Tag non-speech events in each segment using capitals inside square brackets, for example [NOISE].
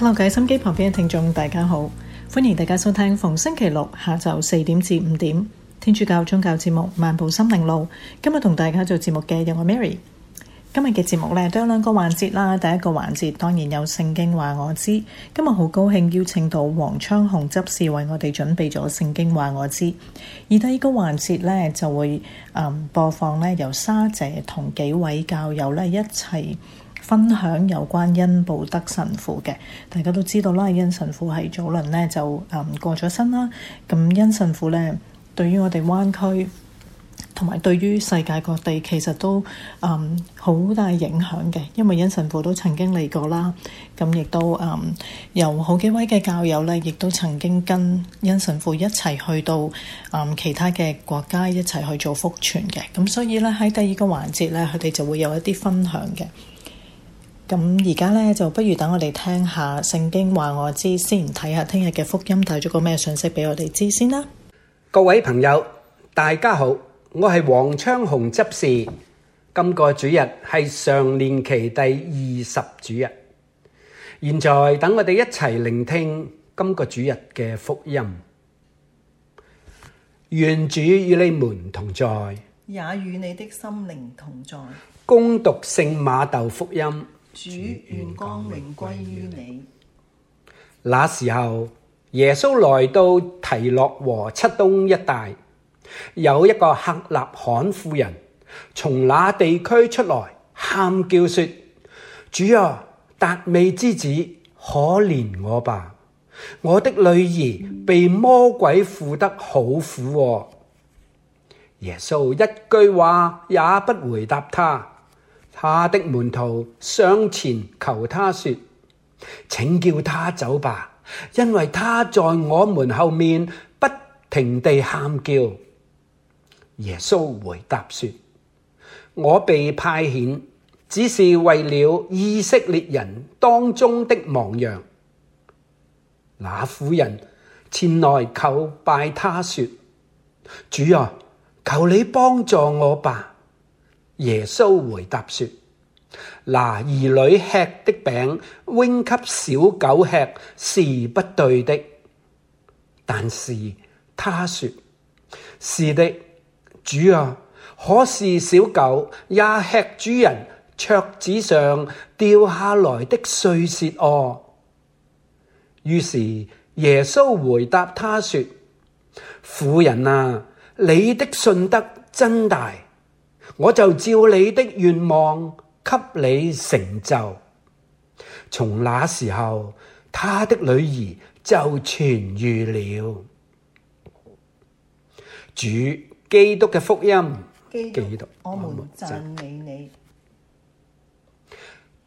hello，計心機旁邊嘅聽眾大家好，歡迎大家收聽逢星期六下晝四點至五點天主教宗教節目漫步心靈路。今日同大家做節目嘅有我 Mary。今日嘅節目咧都有兩個環節啦，第一個環節當然有聖經話我知，今日好高興邀請到黃昌紅執事為我哋準備咗聖經話我知。而第二個環節咧就會、嗯、播放咧由沙姐同幾位教友咧一齊。分享有關恩保德神父嘅，大家都知道啦。恩神父係早輪呢就誒、嗯、過咗身啦。咁、嗯、恩神父呢，對於我哋灣區同埋對於世界各地其實都誒好、嗯、大影響嘅，因為恩神父都曾經嚟過啦。咁、嗯、亦都誒有、嗯、好幾位嘅教友呢，亦都曾經跟恩神父一齊去到、嗯、其他嘅國家一齊去做福傳嘅。咁、嗯、所以呢，喺第二個環節呢，佢哋就會有一啲分享嘅。咁而家咧，就不如等我哋聽下聖經話我知先，睇下聽日嘅福音帶咗個咩信息俾我哋知先啦。各位朋友，大家好，我係黃昌紅執事。今個主日係常年期第二十主日，現在等我哋一齊聆聽今個主日嘅福音。願主與你們同在，也與你的心靈同在。恭讀聖馬竇福音。主願光榮歸於你。那時候，耶穌來到提洛和七東一帶，有一個客納罕婦人從那地區出來，喊叫說：主啊，達味之子，可憐我吧！我的女兒被魔鬼附得好苦啊。耶穌一句話也不回答她。他的門徒上前求他說：請叫他走吧，因為他在我們後面不停地喊叫。耶穌回答說：我被派遣，只是為了以色列人當中的亡羊。那婦人前來叩拜他說：主啊，求你幫助我吧。耶穌回答說：嗱、啊，兒女吃的餅扔給小狗吃是不對的。但是他說：是的，主啊。可是小狗也吃主人桌子上掉下來的碎屑哦、啊。於是耶穌回答他說：婦人啊，你的信德真大。我就照你的願望，給你成就。從那時候，他的女兒就痊癒了。主基督嘅福音，基督，基督我們讚美你。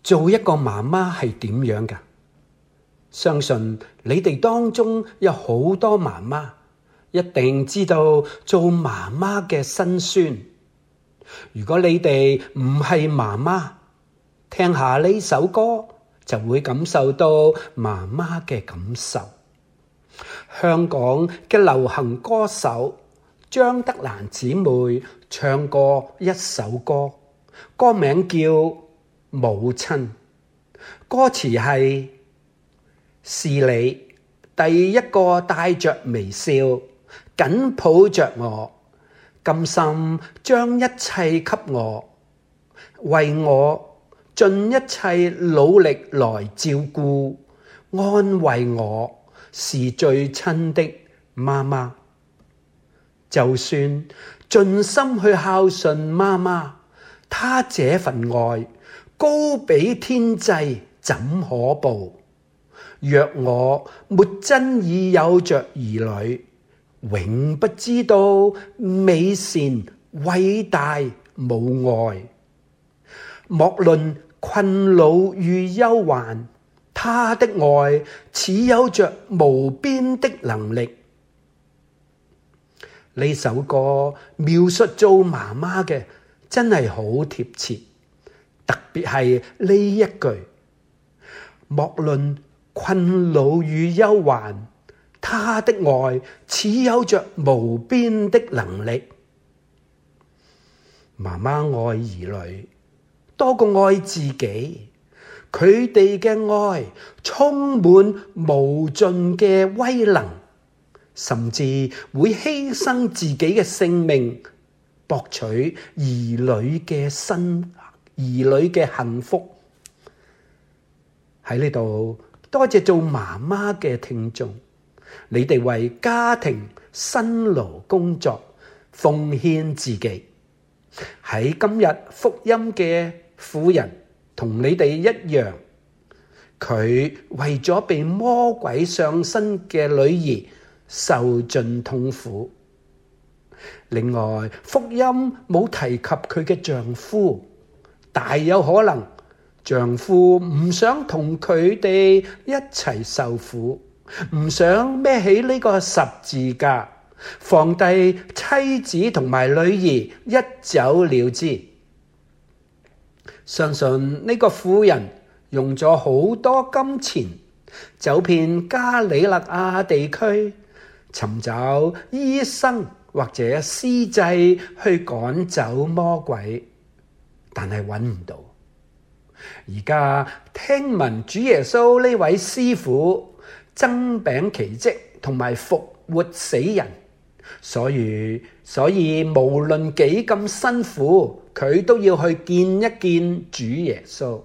做一個媽媽係點樣㗎？相信你哋當中有好多媽媽，一定知道做媽媽嘅辛酸。如果你哋唔係媽媽，聽下呢首歌就會感受到媽媽嘅感受。香港嘅流行歌手張德蘭姊妹唱過一首歌，歌名叫《母親》，歌詞係：是你第一個帶着微笑緊抱着我。甘心將一切給我，為我盡一切努力來照顧、安慰我，是最親的媽媽。就算盡心去孝順媽媽，她這份愛高比天際，怎可報？若我沒真意，有着兒女。永不知道美善偉大母愛，莫論困惱與憂患，他的愛始有着無邊的能力。呢 [NOISE] 首歌描述做媽媽嘅真係好貼切，特別係呢一句：莫論困惱與憂患。他的愛似有着無邊的能力，媽媽愛兒女多過愛自己，佢哋嘅愛充滿無盡嘅威能，甚至會犧牲自己嘅性命，博取兒女嘅新兒女嘅幸福。喺呢度，多謝做媽媽嘅聽眾。你哋為家庭辛勞工作，奉獻自己。喺今日福音嘅婦人同你哋一樣，佢為咗被魔鬼上身嘅女兒受盡痛苦。另外，福音冇提及佢嘅丈夫，大有可能丈夫唔想同佢哋一齊受苦。唔想孭起呢個十字架，放低妻子同埋女兒一走了之。相信呢個婦人用咗好多金錢，走遍加里勒亞地區尋找醫生或者司祭去趕走魔鬼，但係揾唔到。而家聽聞主耶穌呢位師傅。增餅奇蹟同埋復活死人，所以所以無論幾咁辛苦，佢都要去見一見主耶穌。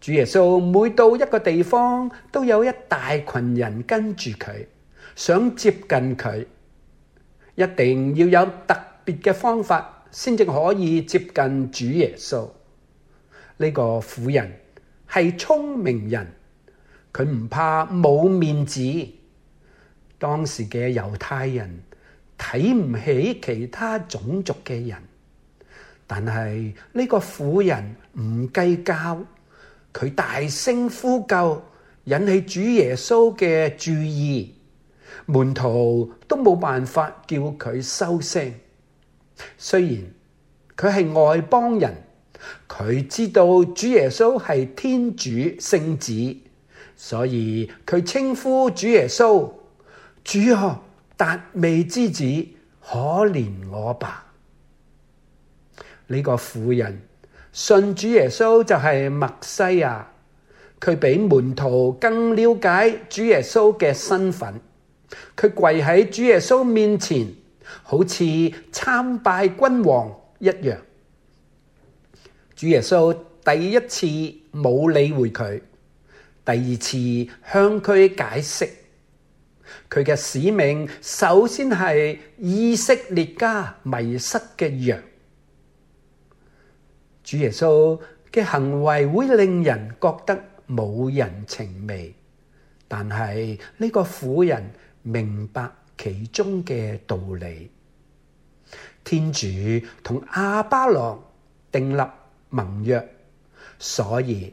主耶穌每到一個地方，都有一大群人跟住佢，想接近佢，一定要有特別嘅方法，先至可以接近主耶穌。呢、這個婦人係聰明人。佢唔怕冇面子，當時嘅猶太人睇唔起其他種族嘅人，但係呢個婦人唔計較，佢大聲呼救，引起主耶穌嘅注意，門徒都冇辦法叫佢收聲。雖然佢係外邦人，佢知道主耶穌係天主聖子。所以佢稱呼主耶穌，主啊，達味之子，可憐我吧！呢、這個婦人信主耶穌就係默西亞，佢比門徒更了解主耶穌嘅身份。佢跪喺主耶穌面前，好似參拜君王一樣。主耶穌第一次冇理會佢。第二次向佢解釋佢嘅使命，首先係以色列家迷失嘅羊。主耶穌嘅行為會令人覺得冇人情味，但係呢個婦人明白其中嘅道理。天主同阿巴郎訂立盟約，所以。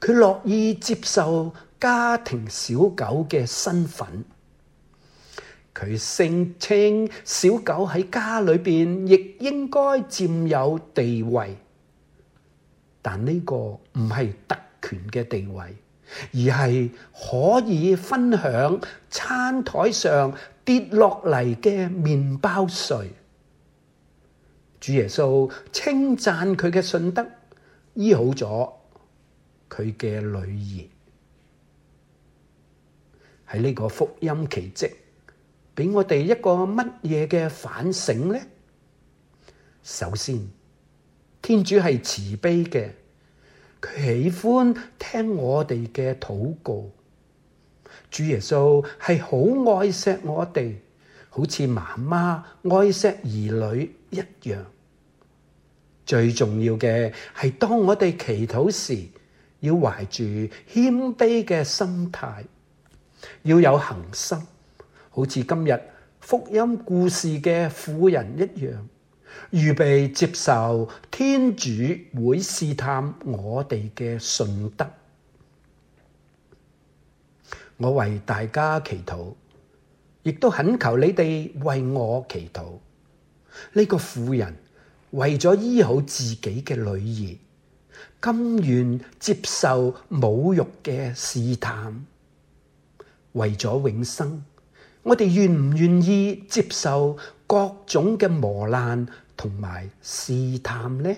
佢樂意接受家庭小狗嘅身份，佢聲稱小狗喺家裏邊亦應該佔有地位，但呢個唔係特權嘅地位，而係可以分享餐台上跌落嚟嘅麵包碎。主耶穌稱讚佢嘅信德，醫好咗。佢嘅女兒。喺呢個福音奇蹟，畀我哋一個乜嘢嘅反省呢？首先，天主係慈悲嘅，佢喜歡聽我哋嘅禱告。主耶穌係好愛惜我哋，好似媽媽愛惜兒女一樣。最重要嘅係當我哋祈禱時。.要懷住謙卑嘅心態，要有恒心，好似今日福音故事嘅婦人一樣，預備接受天主會試探我哋嘅信德。我為大家祈禱，亦都懇求你哋為我祈禱。呢、這個婦人為咗醫好自己嘅女兒，甘願接受侮辱嘅試探，為咗永生，我哋願唔願意接受各種嘅磨難同埋試探呢？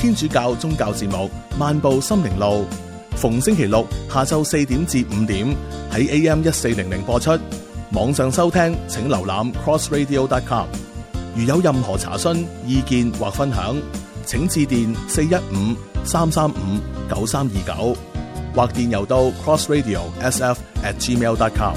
天主教宗教節目《漫步心靈路》，逢星期六下晝四點至五點喺 AM 一四零零播出，網上收聽請瀏覽 crossradio.com。如有任何查詢、意見或分享，請致電四一五三三五九三二九，29，或電郵到 crossradio_sf@gmail.com。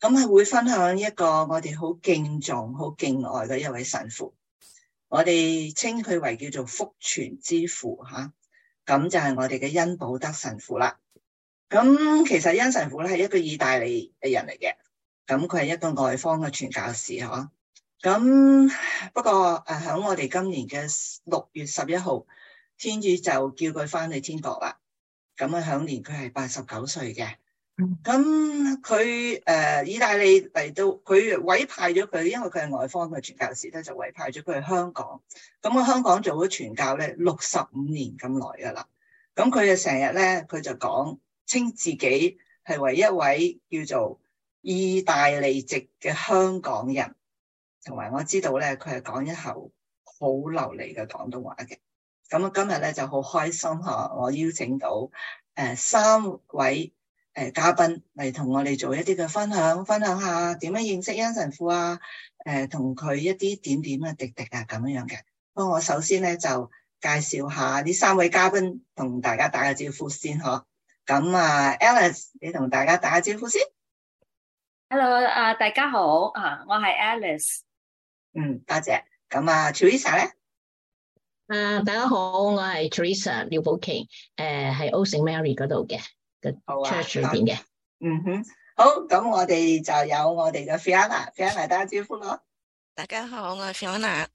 咁係會分享一個我哋好敬重、好敬愛嘅一位神父，我哋稱佢為叫做福傳之父吓，咁、啊、就係我哋嘅恩保德神父啦。咁、啊、其實恩神父咧係一個意大利嘅人嚟嘅，咁佢係一個外方嘅傳教士嗬。咁、啊啊、不過誒響我哋今年嘅六月十一號，天主就叫佢翻去天國啦。咁啊享年佢係八十九歲嘅。咁佢誒意大利嚟到，佢委派咗佢，因為佢係外方嘅傳教士咧，就委派咗佢去香港。咁啊，香港做咗傳教咧六十五年咁耐㗎啦。咁佢就成日咧，佢就講，稱自己係唯一位叫做意大利籍嘅香港人，同埋我知道咧，佢係講一口好流利嘅廣東話嘅。咁啊，今日咧就好開心吓，我邀請到誒、呃、三位。誒，嘉賓嚟，同我哋做一啲嘅分享，分享下點樣認識恩神父啊？誒、呃，同佢一啲點點嘅滴滴啊，咁樣樣嘅。咁我首先咧就介紹下呢三位嘉賓，同大家打個招呼先嗬，咁啊，Alice，你同大家打個招呼先。Hello，啊，Alice, 大家好啊，我係 Alice。嗯，多謝。咁啊 Teresa 咧？啊，大家好，我係、嗯啊 uh, Teresa 廖寶瓊，誒、呃，喺 Our Saint Mary 嗰度嘅。好啊，那那嗯哼，好，咁我哋就有我哋嘅 Fiona，Fiona 打個招呼咯。大家好，我係 Fiona。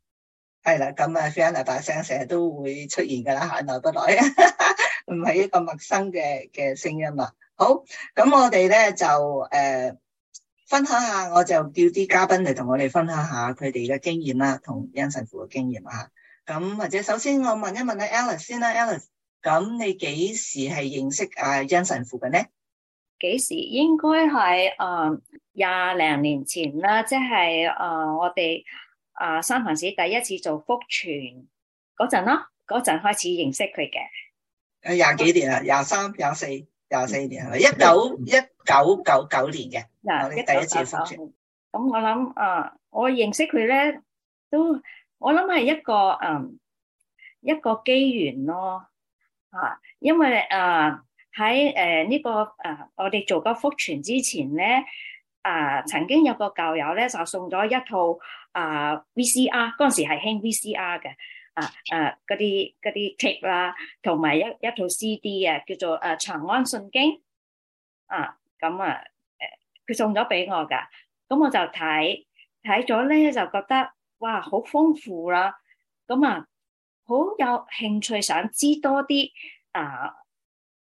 係啦，咁啊，Fiona 把聲成日都會出現噶啦，係耐不耐，唔係一個陌生嘅嘅聲音啊。好，咁我哋咧就誒、呃、分享下，我就叫啲嘉賓嚟同我哋分享下佢哋嘅經驗啦，同恩神父嘅經驗啊。咁或者首先我問一問阿 Alice 先啦，Alice，咁你幾時係認識阿恩神父嘅呢？幾時應該係誒廿零年前啦，即係誒我哋誒、呃、三藩市第一次做福傳嗰陣咯，嗰陣開始認識佢嘅。誒廿幾年啦，廿三、廿 19, 四、廿四年係咪？一九一九九九年嘅嗱，第一次福傳。咁、嗯嗯、我諗誒、呃，我認識佢咧，都我諗係一個誒、呃、一個機緣咯。啊，因為啊喺誒呢個啊、呃，我哋做個福傳之前咧，啊、呃、曾經有個教友咧就送咗一套啊、呃、VCR，嗰陣時係興 VCR 嘅，啊、呃、啊嗰啲嗰啲 tape 啦，同埋一一套 CD 啊，叫做誒、呃、長安信經啊，咁啊誒佢、呃、送咗俾我噶，咁我就睇睇咗咧就覺得哇好豐富啦，咁啊～好有興趣，想知多啲啊，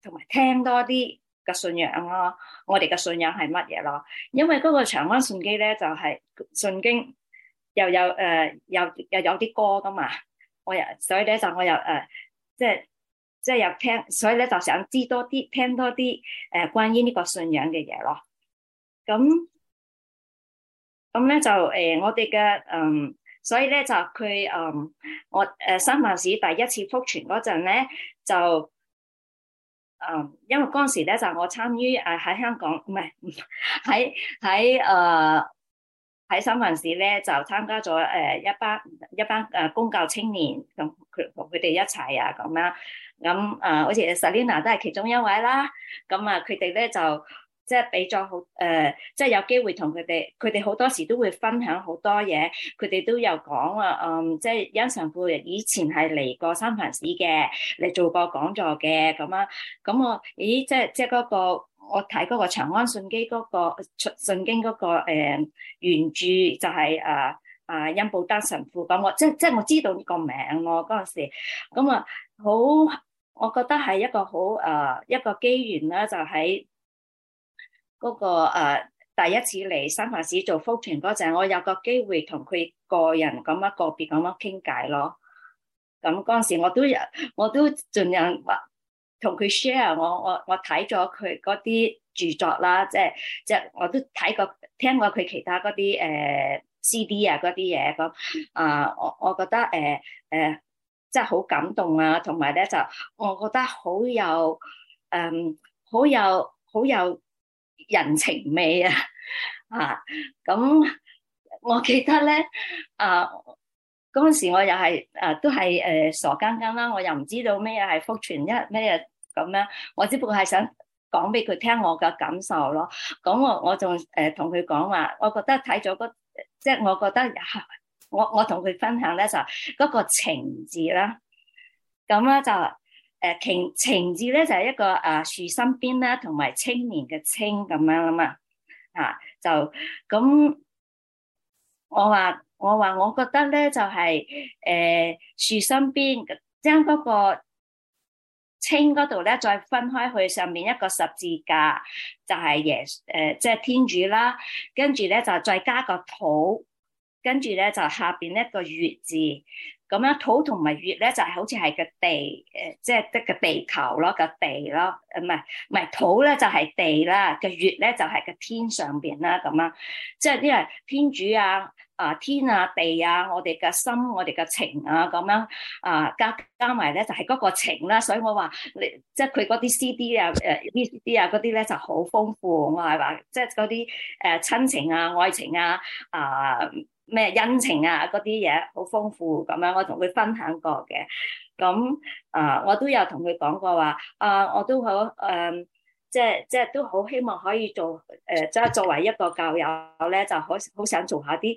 同、呃、埋聽多啲嘅信仰咯。我哋嘅信仰係乜嘢咯？因為嗰個長安信基咧，就係、是、信經又有誒，又、呃、又有啲歌㗎嘛。我又所以咧就我又誒，即係即係又聽，所以咧就想知多啲，聽多啲誒、呃、關於呢個信仰嘅嘢咯。咁咁咧就誒、呃，我哋嘅嗯。呃所以咧就佢誒我誒三藩市第一次福傳嗰陣咧就誒、嗯、因為嗰陣時咧就我參與誒喺香港唔係喺喺誒喺三藩市咧就參加咗誒一班一班誒公教青年，咁佢同佢哋一齊啊，咁樣咁誒好似 Salina 都係其中一位啦，咁啊佢哋咧就。即係俾咗好誒，即係有機會同佢哋，佢哋好多時都會分享好多嘢，佢哋都有講啊，嗯，即係恩神父以前係嚟過三藩市嘅，嚟做過講座嘅咁啊。咁我咦，即係即係、嗰、嗰個我睇嗰個長安信基嗰、嗰個信經嗰、嗰個、嗯、原著就係誒誒恩保德神父，咁我即係即係我知道呢個名咯嗰陣時，咁啊好，我覺得係一個好誒、啊、一個機緣啦、啊，就喺、係。嗰、那個、呃、第一次嚟三藩市做 fulltime 嗰陣，我有個機會同佢個人咁樣個別咁樣傾偈咯。咁嗰陣時我都我都盡量話同佢 share 我我我睇咗佢嗰啲著作啦，即係即係我都睇過聽過佢其他嗰啲誒 CD 啊嗰啲嘢咁啊，我、呃、我覺得誒誒即係好感動啊，同埋咧就我覺得好有誒好有好有，好有人情味 [LAUGHS] 啊，啊咁，我記得咧，啊嗰陣時我又係，誒、啊、都係誒、呃、傻更更啦，我又唔知道咩嘢係福傳一咩嘢咁樣、啊，我只不過係想講俾佢聽我嘅感受咯。咁、啊、我我仲誒同佢講話，我覺得睇咗嗰，即係我覺得，我我同佢分享咧就係嗰個情字啦，咁、啊、咧就。誒情情字咧就係一個啊樹身邊啦，同埋青年嘅青咁樣啊嘛嚇就咁。我話我話，我覺得咧就係誒樹身邊將嗰個青嗰度咧再分開去上面一個十字架，就係耶誒即係天主啦。跟住咧就再加個土，跟住咧就下邊一個月字。咁樣土同埋月咧，就係好似係個地誒，即係得個地球咯，個地咯，唔係唔係土咧，就係地啦。個月咧，就係個天上邊啦。咁樣即係因為天主啊，啊天啊地啊，我哋嘅心，我哋嘅情啊，咁樣啊加加埋咧，就係嗰個情啦。所以我話，即係佢嗰啲 C D 啊，誒 VCD 啊，嗰啲咧就好豐富，我係話即係嗰啲誒親情啊、愛情啊啊。咩恩情啊，嗰啲嘢好豐富咁樣，我同佢分享過嘅。咁啊、呃，我都有同佢講過話，啊、呃，我都好誒、呃，即係即係都好希望可以做誒，即、呃、係作為一個教友咧，就好好想做下啲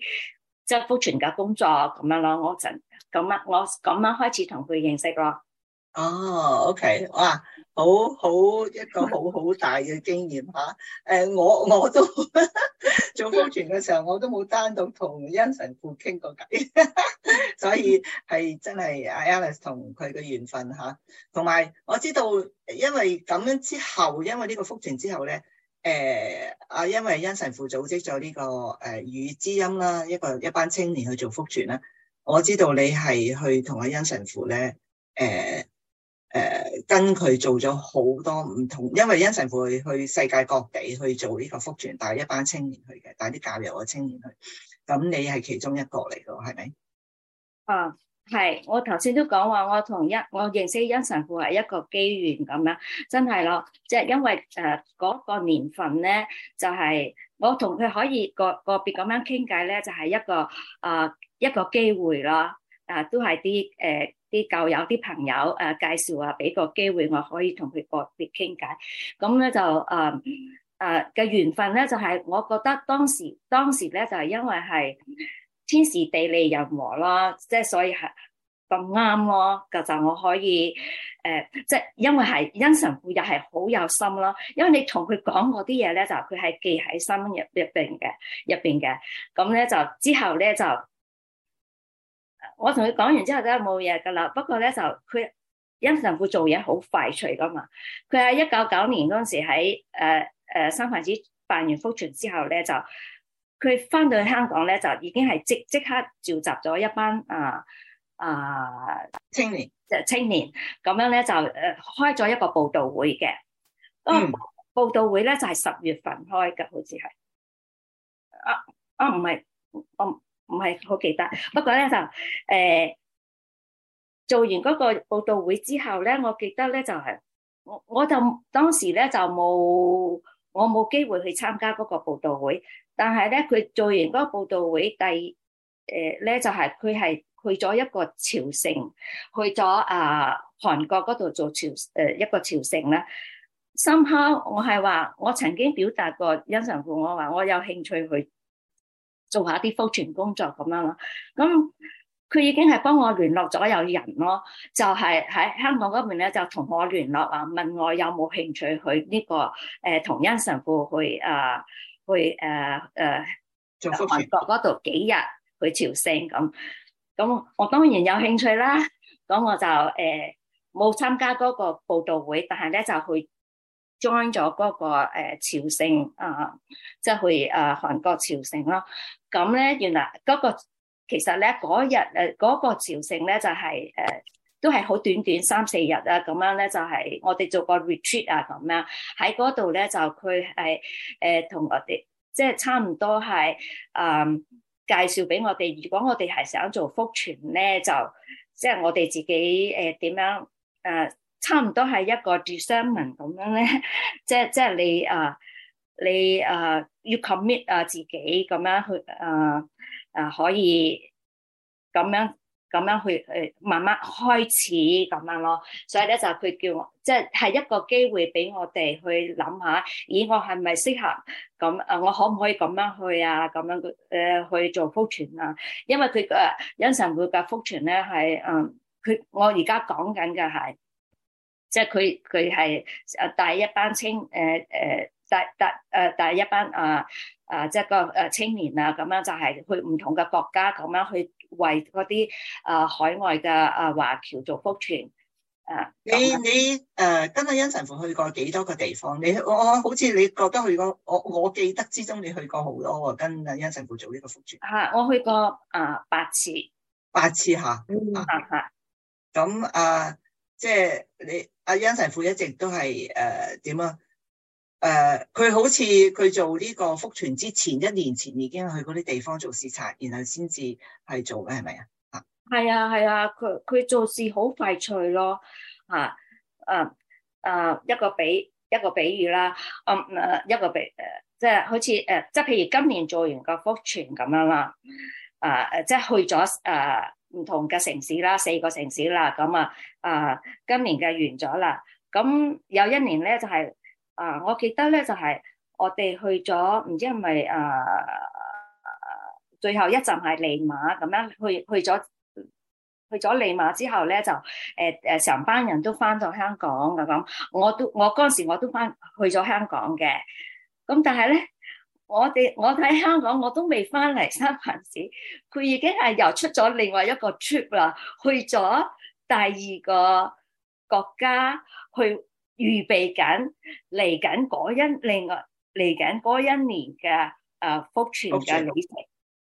即係福傳嘅工作咁樣咯。我從咁樣我咁樣開始同佢認識咯。哦、oh，OK，哇、wow！好好一個好好大嘅經驗吓，誒、啊、我我都 [LAUGHS] 做復傳嘅時候，我都冇單獨同恩神父傾過偈， [LAUGHS] 所以係真係阿 Alice 同佢嘅緣分吓。同、啊、埋我知道，因為咁樣之後，因為呢個復傳之後咧，誒、啊、阿因為恩神父組織咗呢、這個誒語、啊、之音啦，一個一班青年去做復傳啦，我知道你係去同阿恩神父咧，誒、啊。誒，跟佢做咗好多唔同，因為恩神父去世界各地去做呢個福傳，帶一班青年去嘅，帶啲教友嘅青年去。咁你係其中一個嚟咯，係咪、啊就是就是就是？啊，係，我頭先都講話，我同一我認識恩神父係一個機緣咁樣，真係咯，即係因為誒嗰個年份咧，就係我同佢可以個個別咁樣傾偈咧，就係一個誒一個機會咯，啊，都係啲誒。呃啲舊有啲朋友誒、啊、介紹啊，俾個機會我可以同佢個別傾偈，咁咧就誒誒嘅緣分咧，就係、是、我覺得當時當時咧就係、是、因為係天時地利人和啦，即、就、係、是、所以係咁啱咯。咁就是、我可以誒，即、呃、係、就是、因為係恩神父又係好有心啦，因為你同佢講嗰啲嘢咧，就佢係記喺心入入邊嘅入邊嘅。咁咧就之後咧就。我同佢講完之後都係冇嘢噶啦，不過咧就佢恩神父做嘢好快脆噶嘛，佢喺一九九年嗰陣時喺誒誒三藩市辦完福傳之後咧就佢返到去香港咧就已經係即即刻召集咗一班啊啊青年即係青年咁樣咧就誒開咗一個報道會嘅，個、哦嗯、報道會咧就係、是、十月份開嘅，好似係啊啊唔係我。唔係好記得，不過咧就誒、欸、做完嗰個報道會之後咧，我記得咧就係、是、我我就當時咧就冇我冇機會去參加嗰個報道會，但係咧佢做完嗰個報道會第誒咧、欸、就係佢係去咗一個朝聖，去咗啊韓國嗰度做朝誒、呃、一個朝聖咧。深刻我係話我曾經表達過恩神父，我話我有興趣去。做下啲福傳工作咁樣咯，咁佢已經係幫我聯絡咗有人咯，就係、是、喺香港嗰邊咧就同我聯絡啊，問我有冇興趣去呢個誒同恩神父去啊去誒誒、啊啊、韓國嗰度幾日去朝聖咁，咁我當然有興趣啦，咁我就誒冇、啊、參加嗰個報道會，但係咧就去 join 咗嗰個朝聖啊，即、就、係、是、去啊韓國朝聖咯。咁咧，原來嗰、那個其實咧嗰日誒嗰個朝聖咧就係、是、誒、呃、都係好短短三四日、就是、啊，咁樣咧就係、呃、我哋做個 retreat 啊，咁樣喺嗰度咧就佢係誒同我哋即係差唔多係誒、呃、介紹俾我哋，如果我哋係想做福傳咧，就即係我哋自己誒點、呃、樣誒、呃、差唔多係一個 discernment 咁樣咧， [LAUGHS] 即係即係你誒。呃你誒要 commit 啊，commit 自己咁樣去誒誒、啊啊，可以咁樣咁樣去去慢慢開始咁樣咯。所以咧就佢叫我，即係一個機會俾我哋去諗下，咦，我係咪適合咁？啊，我可唔可以咁樣去啊？咁樣誒去做福傳啊？因為佢嘅欣神會嘅福傳咧係誒，佢、嗯、我而家講緊嘅係，即係佢佢係誒帶一班青誒誒。呃呃但第誒第一班啊啊，即係個誒青年啊咁樣，就係去唔同嘅國家咁樣去為嗰啲啊海外嘅啊華僑做福傳你、啊。誒，你你誒跟阿恩神父去過幾多個地方？你我我好似你覺得去過，我我記得之中你去過好多喎，跟阿恩神父做呢個福傳。嚇！我去過啊八次，八次嚇嚇。咁啊，即係你阿恩神父一直都係誒點啊？誒、佢、呃、好似佢做呢個福傳之前，一年前已經去嗰啲地方做視察，然後先至係做嘅，係咪啊？係啊，係啊，佢佢做事好快脆咯，吓、啊、誒、啊、誒，一個比一個比喻啦，嗯誒，一個比誒，即係、呃就是、好似誒，即、呃、係、就是、譬如今年做完個福傳咁樣啦，啊誒，即、就、係、是、去咗誒唔同嘅城市啦，四個城市啦，咁啊，啊，今年嘅完咗啦，咁有一年咧就係、是。啊！Uh, 我記得咧就係、是、我哋去咗，唔知係咪啊？Uh, 最後一站係利馬咁樣，去去咗去咗利馬之後咧就誒誒，成、uh, uh, 班人都翻到香港嘅咁。我都我嗰陣時我都翻去咗香港嘅。咁但係咧，我哋我喺香港我都未翻嚟三藩市，佢已經係又出咗另外一個 trip 啦，去咗第二個國家去。預備緊嚟緊嗰一另外嚟緊一年嘅誒福傳嘅旅程，啊、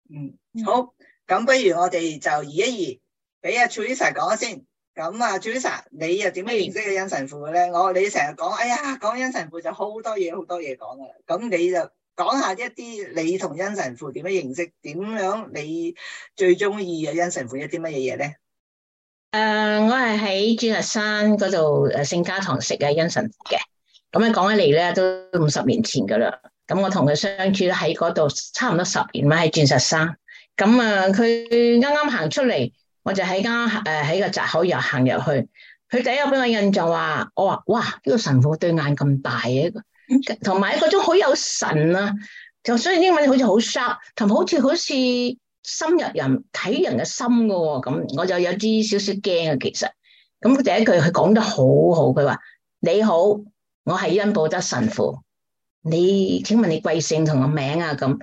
全嗯，嗯好，咁不如我哋就移一移，俾阿 Trisha 講先，咁啊 Trisha 你又點樣認識嘅恩神父咧？的我你成日講，哎呀講恩神父就好多嘢好多嘢講啊，咁你就講下一啲你同恩神父點樣認識，點樣你最中意嘅恩神父一啲乜嘢嘢咧？誒，uh, 我係喺鑽石山嗰度誒聖家堂食嘅恩神父嘅。咁啊講起嚟咧都五十年前噶啦。咁我同佢相處咧喺嗰度差唔多十年啦，喺鑽石山。咁啊，佢啱啱行出嚟，我就喺間誒喺個閘口又行入去。佢第一個俾我印象話，我話哇呢個神父對眼咁大嘅，同埋一個種好有神啊，就所以英文好似 sh 好 sharp，同埋好似好似。深入人睇人嘅心噶喎。哦，咁我就有啲少少驚啊。其實，咁第一句佢講得好好，佢話你好，我係恩保德神父。你請問你貴姓同個名啊？咁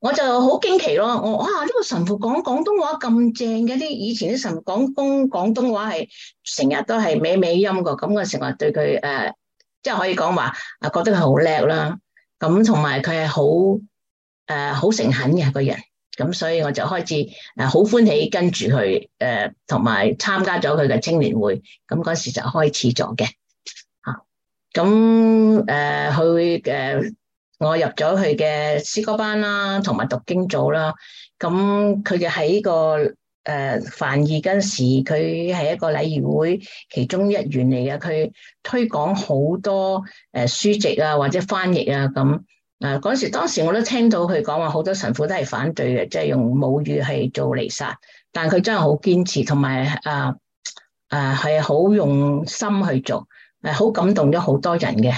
我就好驚奇咯。我哇呢，這個神父講廣東話咁正嘅，啲以前啲神父講公廣東話係成日都係美美音噶，咁我成日對佢誒，呃，即係可以講話啊覺得佢好叻啦。咁同埋佢係好誒好誠懇嘅一個人。.咁所以我就開始誒好歡喜跟住佢誒，同埋參加咗佢嘅青年會。咁嗰時就開始咗嘅嚇。咁誒佢誒，我入咗佢嘅詩歌班啦，同埋讀經組啦。咁佢就喺個誒凡爾根時，佢係一個禮儀會其中一員嚟嘅。佢推廣好多誒書籍啊，或者翻譯啊咁。啊嗱嗰時，當時我都聽到佢講話，好多神父都係反對嘅，即係用母語係做彌撒。但佢真係好堅持，同埋啊啊係好用心去做，係好感動咗好多人嘅。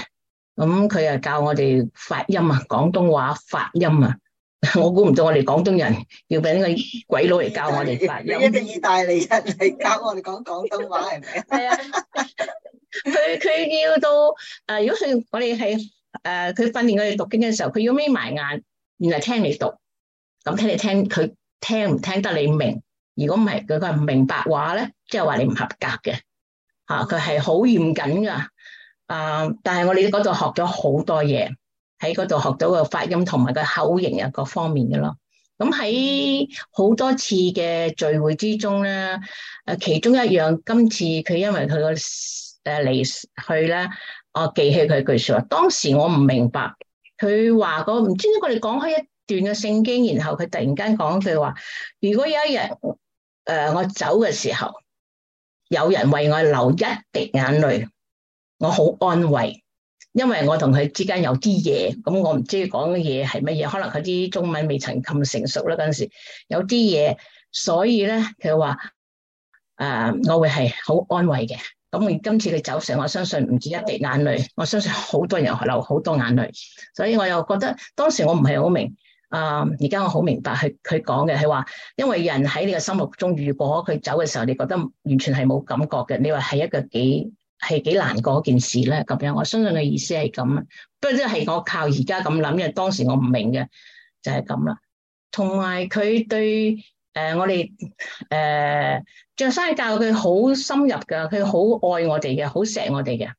咁佢又教我哋發音啊，廣東話發音啊。 [LAUGHS] 我估唔到我哋廣東人要俾個鬼佬嚟教我哋發音。一個意大利人嚟教我哋講廣東話係咪？係啊，佢 [LAUGHS] 佢 [LAUGHS] 要到啊，如果佢我哋係。誒，佢訓練我哋讀經嘅時候，佢要眯埋眼，原來聽你讀，咁聽你聽，佢聽唔聽得你明？如果唔係，佢佢係唔明白話咧，即係話你唔合格嘅，吓佢係好嚴謹噶。啊，但係我哋喺嗰度學咗好多嘢，喺嗰度學到個發音同埋個口型啊，各方面嘅咯。咁喺好多次嘅聚會之中咧，誒、啊，其中一樣，今次佢因為佢個誒離去咧。我記起佢句說話，當時我唔明白佢話嗰，唔知點解你講開一段嘅聖經，然後佢突然間講句話：如果有一日誒、呃、我走嘅時候，有人為我流一滴眼淚，我好安慰，因為我同佢之間有啲嘢，咁、嗯、我唔知佢講嘅嘢係乜嘢，可能佢啲中文未曾咁成熟啦。嗰陣時有啲嘢，所以咧佢話誒，我會係好安慰嘅。咁今次佢走成，我相信唔止一滴眼淚，我相信好多人流好多眼淚。所以我又覺得當時我唔係好明，啊，而家我好明白佢佢講嘅，佢、呃、話因為人喺你嘅心目中，如果佢走嘅時候，你覺得完全係冇感覺嘅。你話係一個幾係幾難過件事咧？咁樣我相信嘅意思係咁。不過即係我靠而家咁諗，因為當時我唔明嘅就係咁啦。同埋佢對。誒、uh, uh, uh,，我哋誒，張先生教佢好深入噶，佢好愛我哋嘅，好錫我哋嘅。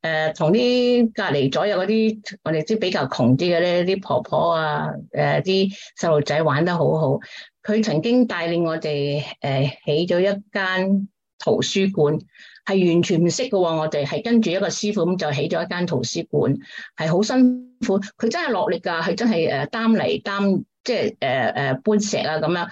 誒，同啲隔籬左右嗰啲，我哋知比較窮啲嘅咧，啲婆婆啊，誒，啲細路仔玩得好好。佢曾經帶領我哋誒，起、uh, 咗一間圖書館，係完全唔識嘅。我哋係跟住一個師傅咁就起咗一間圖書館，係好辛苦。佢真係落力噶，佢真係誒擔嚟擔，即係誒誒搬石啊咁樣。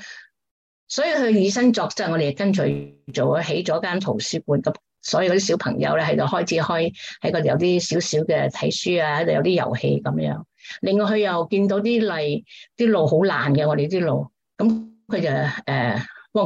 所以佢以身作則，我哋跟隨做咗起咗間圖書館。咁所以啲小朋友咧係就開始開喺度，有啲少少嘅睇書啊，有啲遊戲咁樣。另外佢又見到啲泥啲路好爛嘅，我哋啲路咁，佢就誒，幫、呃、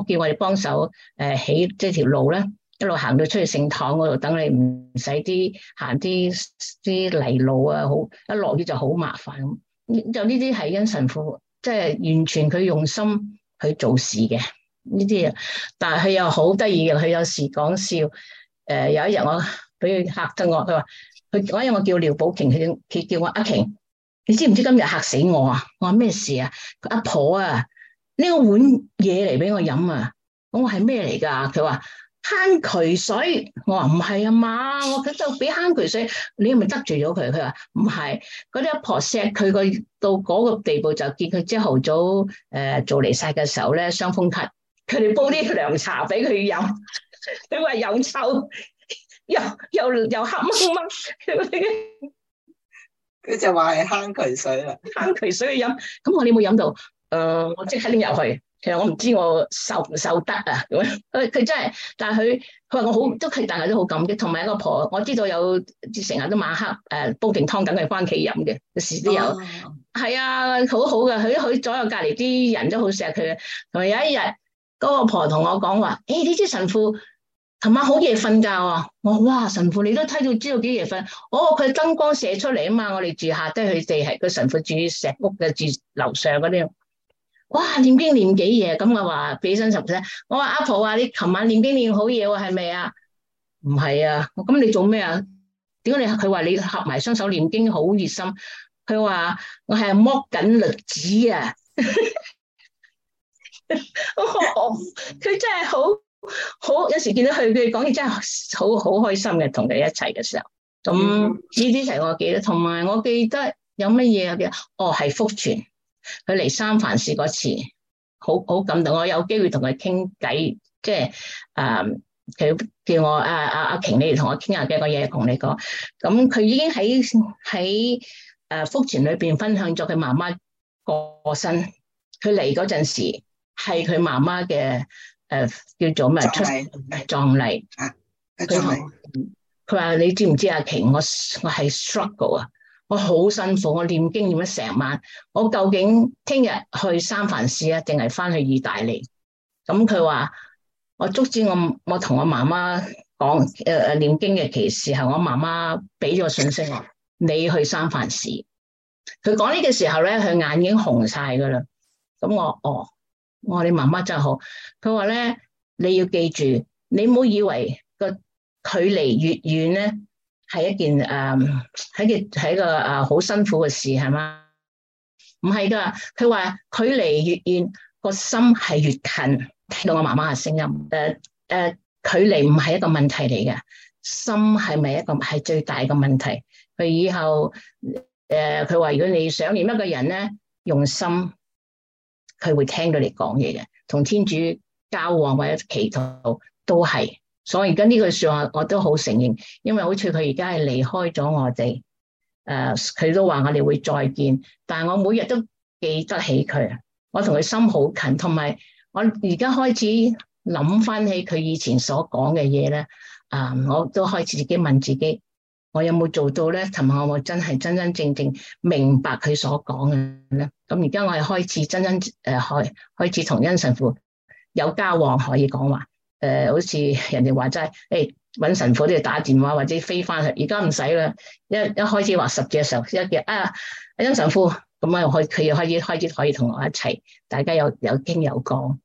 叫我哋幫手誒，起即係條路咧，一路行到出去聖堂嗰度等你，唔使啲行啲啲泥路啊，好一落雨就好麻煩咁。就呢啲係恩神父即係、就是、完全佢用心。佢做事嘅呢啲，但係佢又好得意嘅，佢有時講笑。誒、呃、有一日我，我，俾佢嚇得我，佢話：佢我有一日我叫廖寶瓊，佢佢叫我阿瓊，你知唔知今日嚇死我啊？我話咩事啊？阿婆啊，呢個碗嘢嚟俾我飲啊！咁我係咩嚟㗎？佢話。坑渠水，我話唔係啊嘛，我喺度俾坑渠水，你係咪得罪咗佢？佢話唔係，嗰啲阿婆錫佢個到嗰個地步，就見佢朝頭早誒、呃、做嚟晒嘅時候咧，傷風咳，佢哋煲啲涼茶俾佢飲，佢話又臭又又又黑掹掹，佢就話係坑渠水啦，坑渠水去飲，咁我你冇飲到？誒、呃，我即刻拎入去。其實我唔知我受唔受得啊！咁佢真係，但係佢佢話我好都，大家都好感激。同埋一個婆，婆，我知道有成日都晚黑誒煲定湯等佢翻屋企飲嘅，時時都有。係、哦、啊，好好噶。佢佢左右隔籬啲人都好錫佢嘅。同埋有一日，嗰、那個婆同我講話，誒呢啲神父琴晚好夜瞓覺啊！我哇，神父你都睇到知道幾夜瞓？哦，佢燈光射出嚟啊嘛！我哋住下即低，佢哋係個神父住石屋嘅，住樓上嗰啲。哇！念經念幾嘢？咁我話畀身十聲。我話阿婆啊，你琴晚念經念好嘢喎，係咪啊？唔係啊，咁你做咩啊？點解你佢話你合埋雙手念經好熱心？佢話我係剝緊栗子啊！佢 [LAUGHS] 真係好好，有時見到佢，佢講嘢真係好好開心嘅，同佢一齊嘅時候。咁呢啲係我記得，同埋我記得有乜嘢嘅？哦，係福傳。佢嚟三藩市嗰次，好好感動。我有機會同佢傾偈，即係誒，佢、呃、叫我阿阿阿瓊，你嚟同我傾下嘅個嘢，同你講。咁、嗯、佢已經喺喺誒福泉裏邊分享咗佢媽媽過身。佢嚟嗰陣時係佢媽媽嘅誒叫做咩？出葬禮。葬禮。佢同佢話：你知唔知阿瓊？我我係 struggle 啊！我好辛苦，我念經念咗成晚。我究竟聽日去三藩市啊，定係翻去意大利？咁佢話我阻止我我同我媽媽講誒誒，念經嘅歧視係我媽媽俾咗訊息我，你去三藩市。佢講呢個時候咧，佢眼已經紅晒噶啦。咁我哦，我話你媽媽真好。佢話咧，你要記住，你唔好以為個距離越遠咧。係一件誒，係一件係一個誒好辛苦嘅事，係嘛？唔係㗎，佢話距離越遠，個心係越近。聽到我媽媽嘅聲音，誒、呃、誒、呃，距離唔係一個問題嚟嘅，心係咪一個係最大嘅問題？佢以後誒，佢、呃、話如果你想念一個人咧，用心，佢會聽到你講嘢嘅，同天主交往或者祈禱都係。所以而家呢句說話我都好承認，因為好似佢而家係離開咗我哋，誒佢都話我哋會再見，但係我每日都記得起佢，我同佢心好近，同埋我而家開始諗翻起佢以前所講嘅嘢咧，啊我都開始自己問自己，我有冇做到咧？同埋我有冇真係真真正正明白佢所講嘅咧？咁而家我係開始真真誒開開始同恩神父有交往可以講話。誒、呃，好似人哋話齋，誒、欸、揾神父都要打電話或者飛翻去，而家唔使啦。一一開始話十隻時候，一隻啊，阿、啊、恩神父咁啊，可佢又開始開始可以同我一齊，大家有有傾有講。